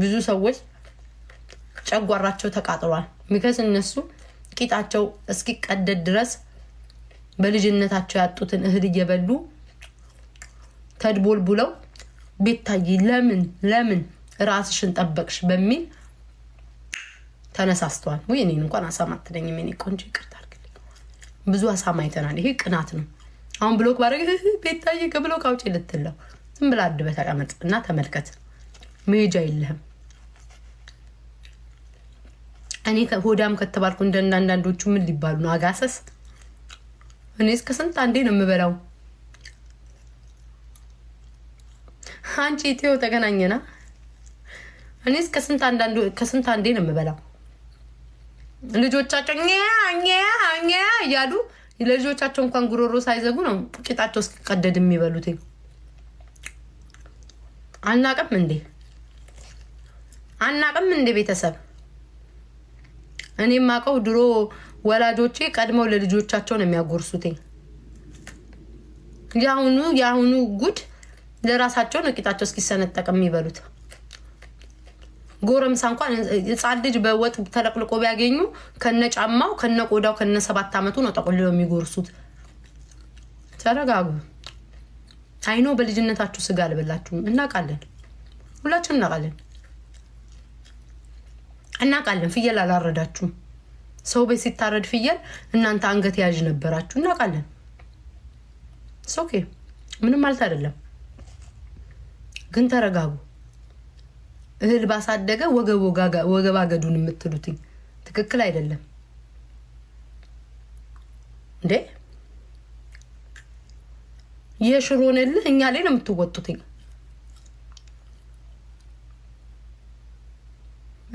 ብዙ ሰዎች ጨጓራቸው ተቃጥሏል። ሚከስ እነሱ ቂጣቸው እስኪቀደድ ድረስ በልጅነታቸው ያጡትን እህል እየበሉ ተድቦል ብለው ቤታይ ለምን ለምን ራስሽን ጠበቅሽ በሚል ተነሳስተዋል። ወይ እኔን እንኳን አሳማ አትለኝም የእኔ ቆንጆ ይቅርታ አድርግልኝ። ብዙ አሳማ አይተናል። ይሄ ቅናት ነው። አሁን ብሎክ ባረግ ቤታይ ከብሎክ አውጪ ልትለው ዝም ብላ አድበህ ተቀመጥ እና ተመልከት። መሄጃ የለህም። እኔ ሆዳም ከተባልኩ እንደ አንዳንዶቹ ምን ሊባሉ ነው? አጋሰስ። እኔ እስከ ስንት አንዴ ነው የምበላው። አንቺ ኢትዮ ተገናኘና፣ እኔ እስከ ስንት አንዴ ነው የምበላው። ልጆቻቸው እያሉ ለልጆቻቸው እንኳን ጉሮሮ ሳይዘጉ ነው ቂጣቸው እስኪቀደድ የሚበሉት። አናቅም እንዴ? አናቅም እንደ ቤተሰብ እኔም የማውቀው ድሮ ወላጆቼ ቀድመው ለልጆቻቸው ነው የሚያጎርሱትኝ። የአሁኑ የአሁኑ ጉድ ለራሳቸው ነው ቂጣቸው እስኪሰነጠቅ የሚበሉት። ጎረምሳ እንኳን ሕፃን ልጅ በወጥ ተለቅልቆ ቢያገኙ ከነ ጫማው ከነ ቆዳው ከነ ሰባት ዓመቱ ነው ጠቁልለው የሚጎርሱት። ተረጋጉ። አይኖ በልጅነታችሁ ስጋ አልበላችሁም። እናውቃለን፣ ሁላችን እናውቃለን። እናውቃለን። ፍየል አላረዳችሁም። ሰው ቤት ሲታረድ ፍየል እናንተ አንገት ያዥ ነበራችሁ። እናውቃለን። ሶኬ ምንም ማለት አይደለም። ግን ተረጋጉ። እህል ባሳደገ ወገብ አገዱን የምትሉትኝ ትክክል አይደለም እንዴ? የሽሮን እልህ እኛ ላይ ነው የምትወጡትኝ።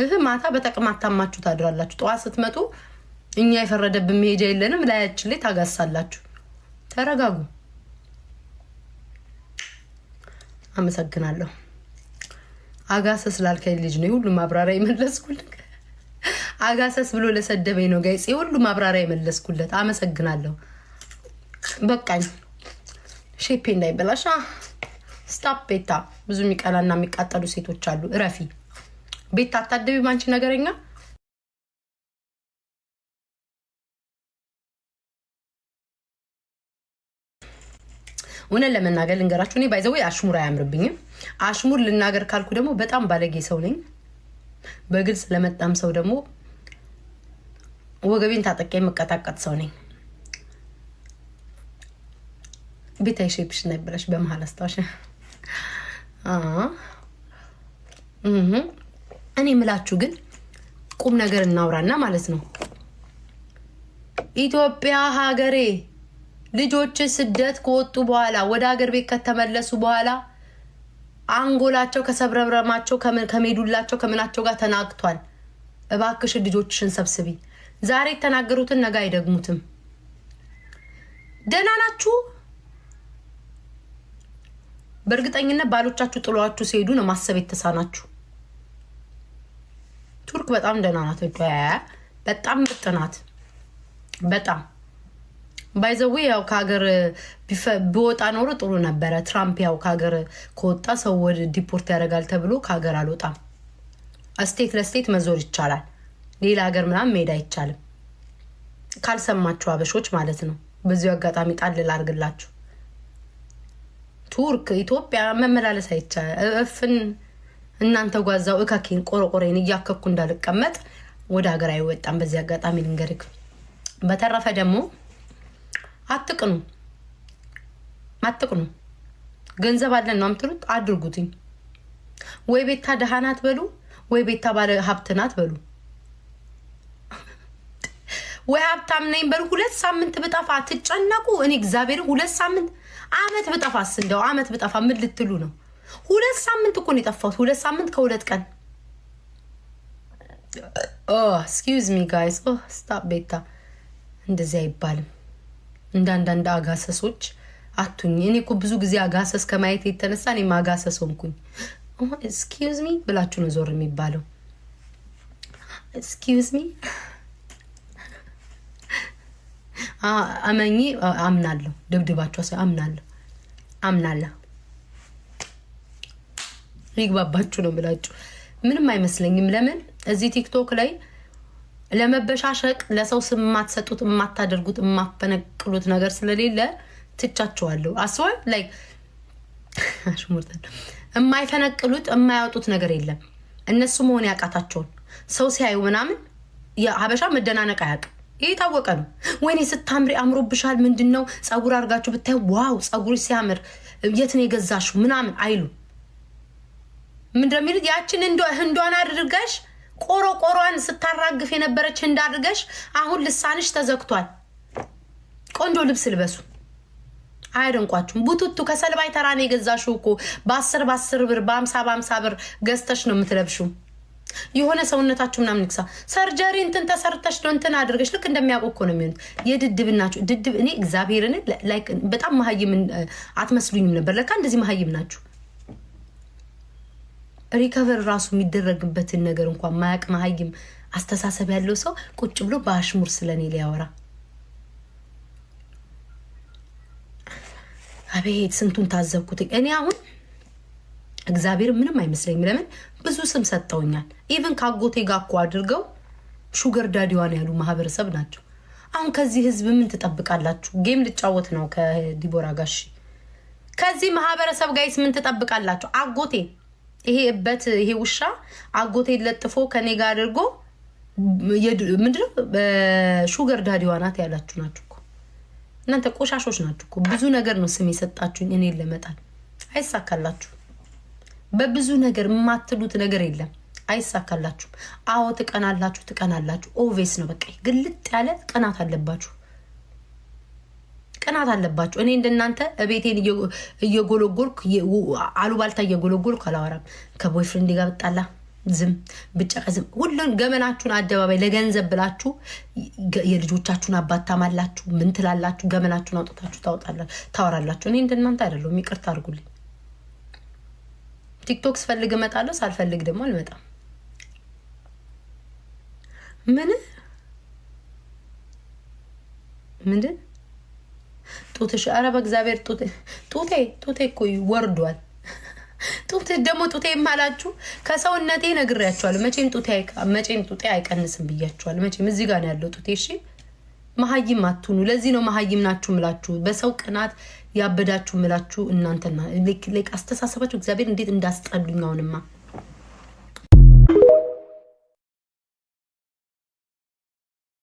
ይህ ማታ በተቅማጥ ታማችሁ ታድራላችሁ። ጠዋት ስትመጡ እኛ የፈረደብን መሄጃ የለንም፣ ላያችን ላይ ታጋሳላችሁ። ተረጋጉ። አመሰግናለሁ። አጋሰስ ላልከኝ ልጅ ነው ሁሉ ማብራሪያ የመለስኩልህ። አጋሰስ ብሎ ለሰደበኝ ነው ጋይጽ ሁሉ ማብራሪያ የመለስኩለት። አመሰግናለሁ። በቃኝ። ሼፔ እንዳይበላሽ ስታፕ ቤታ። ብዙ የሚቀላና የሚቃጠሉ ሴቶች አሉ። እረፊ። ቤት ታታደቢ ማንቺ ነገረኛ እውነት ለመናገር ልንገራችሁ፣ እኔ ባይዘዌ አሽሙር አያምርብኝም። አሽሙር ልናገር ካልኩ ደግሞ በጣም ባለጌ ሰው ነኝ። በግልጽ ለመጣም ሰው ደግሞ ወገቤን ታጠቂ የምቀጣቀጥ ሰው ነኝ። ቤታ ሼፕሽ ነበረሽ በመሀል አስታወሽ እኔ የምላችሁ ግን ቁም ነገር እናውራና ማለት ነው። ኢትዮጵያ ሀገሬ ልጆች ስደት ከወጡ በኋላ ወደ ሀገር ቤት ከተመለሱ በኋላ አንጎላቸው ከሰብረብረማቸው ከሜዱላቸው ከምናቸው ጋር ተናግቷል። እባክሽን ልጆችሽን ሰብስቢ። ዛሬ የተናገሩትን ነገ አይደግሙትም። ደህና ናችሁ። በእርግጠኝነት ባሎቻችሁ ጥሏችሁ ሲሄዱ ነው ማሰብ የተሳናችሁ። ብሩክ በጣም ደህና ናት። በጣም ምጥ ናት። በጣም ባይዘዊ ያው ከሀገር ቢወጣ ኖሮ ጥሩ ነበረ። ትራምፕ ያው ከሀገር ከወጣ ሰው ወደ ዲፖርት ያደርጋል ተብሎ ከሀገር አልወጣም። ስቴት ለስቴት መዞር ይቻላል። ሌላ ሀገር ምናምን መሄድ አይቻልም። ካልሰማችሁ አበሾች ማለት ነው። በዚሁ አጋጣሚ ጣል ላርግላችሁ። ቱርክ፣ ኢትዮጵያ መመላለስ አይቻልም። እፍን እናንተ ጓዛው እካኬን ቆረቆሬን እያከኩ እንዳልቀመጥ ወደ ሀገር አይወጣም። በዚህ አጋጣሚ ልንገርግ። በተረፈ ደግሞ አትቅኑ አትቅኑ። ገንዘብ አለን ነው የምትሉት፣ አድርጉትኝ። ወይ ቤታ ደሃ ናት በሉ፣ ወይ ቤታ ባለ ሀብት ናት በሉ፣ ወይ ሀብታም ነኝ በሉ። ሁለት ሳምንት ብጠፋ አትጨነቁ። እኔ እግዚአብሔር ሁለት ሳምንት አመት ብጠፋስ፣ እንደው አመት ብጠፋ ምን ልትሉ ነው? ሁለት ሳምንት እኮ ነው የጠፋሁት። ሁለት ሳምንት ከሁለት ቀን ስኪዝ ሚ ጋይስ ስታፕ ቤታ፣ እንደዚህ አይባልም። እንደ አንዳንድ አጋሰሶች አቱኝ። እኔ እኮ ብዙ ጊዜ አጋሰስ ከማየት የተነሳ እኔም አጋሰስ ሆንኩኝ። ስኪዝ ሚ ብላችሁ ነው ዞር የሚባለው። ስኪዝ ሚ አመኚ አምናለሁ። ድብድባቸው አምናለሁ አምናለሁ ሊግባባችሁ ነው የምላችሁ። ምንም አይመስለኝም። ለምን እዚህ ቲክቶክ ላይ ለመበሻሸቅ ለሰው ስም የማትሰጡት የማታደርጉት የማፈነቅሉት ነገር ስለሌለ ትቻችኋለሁ። አስዋል ላይ የማይፈነቅሉት የማያወጡት ነገር የለም። እነሱ መሆን ያቃታቸውን ሰው ሲያዩ ምናምን የሀበሻ መደናነቅ አያውቅም። ይህ የታወቀ ነው። ወይኔ ስታምሪ አምሮብሻል፣ ምንድን ነው ፀጉር አድርጋችሁ ብታይ ዋው ፀጉር ሲያምር፣ የት ነው የገዛሽው ምናምን አይሉ እንደሚሉት ያችን ህንዷን አድርገሽ ቆሮቆሯን ስታራግፍ የነበረች ህንድ አድርገሽ አሁን ልሳንሽ ተዘግቷል። ቆንጆ ልብስ ልበሱ። አይደንቋችሁም። ቡቱቱ ከሰልባይ ተራ ነው የገዛሽው እኮ በአስር በአስር ብር በአምሳ በአምሳ ብር ገዝተሽ ነው የምትለብሽው። የሆነ ሰውነታችሁ ምናምን ንቅሳ ሰርጀሪ እንትን ተሰርተሽ ነው እንትን አድርገሽ ልክ እንደሚያውቁ እኮ ነው የሚሆኑት። የድድብናችሁ ድድብ እኔ እግዚአብሔርን በጣም መሀይም አትመስሉኝም ነበር። ለካ እንደዚህ መሀይም ናችሁ። ሪከቨር ራሱ የሚደረግበትን ነገር እንኳን ማያቅ መሀይም አስተሳሰብ ያለው ሰው ቁጭ ብሎ በአሽሙር ስለኔ ሊያወራ አቤት ስንቱን ታዘብኩት። እኔ አሁን እግዚአብሔር ምንም አይመስለኝም። ለምን ብዙ ስም ሰጠውኛል። ኢቨን ከአጎቴ ጋር እኮ አድርገው ሹገር ዳዲዋን ያሉ ማህበረሰብ ናቸው። አሁን ከዚህ ህዝብ ምን ትጠብቃላችሁ? ጌም ልጫወት ነው ከዲቦራ ጋሺ። ከዚህ ማህበረሰብ ጋይስ ምን ትጠብቃላችሁ? አጎቴ ይሄ በት ይሄ ውሻ አጎቴ ለጥፎ ከኔ ጋር አድርጎ ምንድነው ሹገር ዳዲዋ ናት ያላችሁ ናችሁ እኮ እናንተ ቆሻሾች ናችሁ እኮ። ብዙ ነገር ነው ስም የሰጣችሁኝ እኔ ለመጣል አይሳካላችሁ። በብዙ ነገር የማትሉት ነገር የለም አይሳካላችሁም። አዎ ትቀናላችሁ፣ ትቀናላችሁ። ኦቬስ ነው በቃ ግልጥ ያለ ቅናት አለባችሁ። ቅናት አለባቸው። እኔ እንደናንተ እቤቴን እየጎለጎልኩ አሉባልታ እየጎለጎልኩ አላወራም። ከቦይፍሬንድ ጋር ብጣላ ዝም ብጨቀ ዝም። ሁሉን ገመናችሁን አደባባይ ለገንዘብ ብላችሁ የልጆቻችሁን አባት ታማላችሁ። ምን ትላላችሁ? ገመናችሁን አውጥታችሁ ታወራላችሁ። እኔ እንደናንተ አይደለሁም። ይቅርታ አድርጉልኝ። ቲክቶክ ስፈልግ እመጣለሁ፣ ሳልፈልግ ደግሞ አልመጣም። ምን ምንድን ጡትሽ ኧረ በእግዚአብሔር ጡቴ ጡቴ ጡቴ እኮ ወርዷል። ጡቴ ደግሞ ጡቴ የማላችሁ ከሰውነቴ ነግሬያችኋለሁ። መቼም ጡቴ መቼም ጡቴ አይቀንስም ብያችኋለሁ። መቼም እዚህ ጋር ነው ያለው ጡቴ። እሺ መሀይም አትሁኑ። ለዚህ ነው መሀይም ናችሁ ምላችሁ በሰው ቅናት ያበዳችሁ ምላችሁ እናንተና አስተሳሰባችሁ እግዚአብሔር እንዴት እንዳስጠሉኝ አሁንማ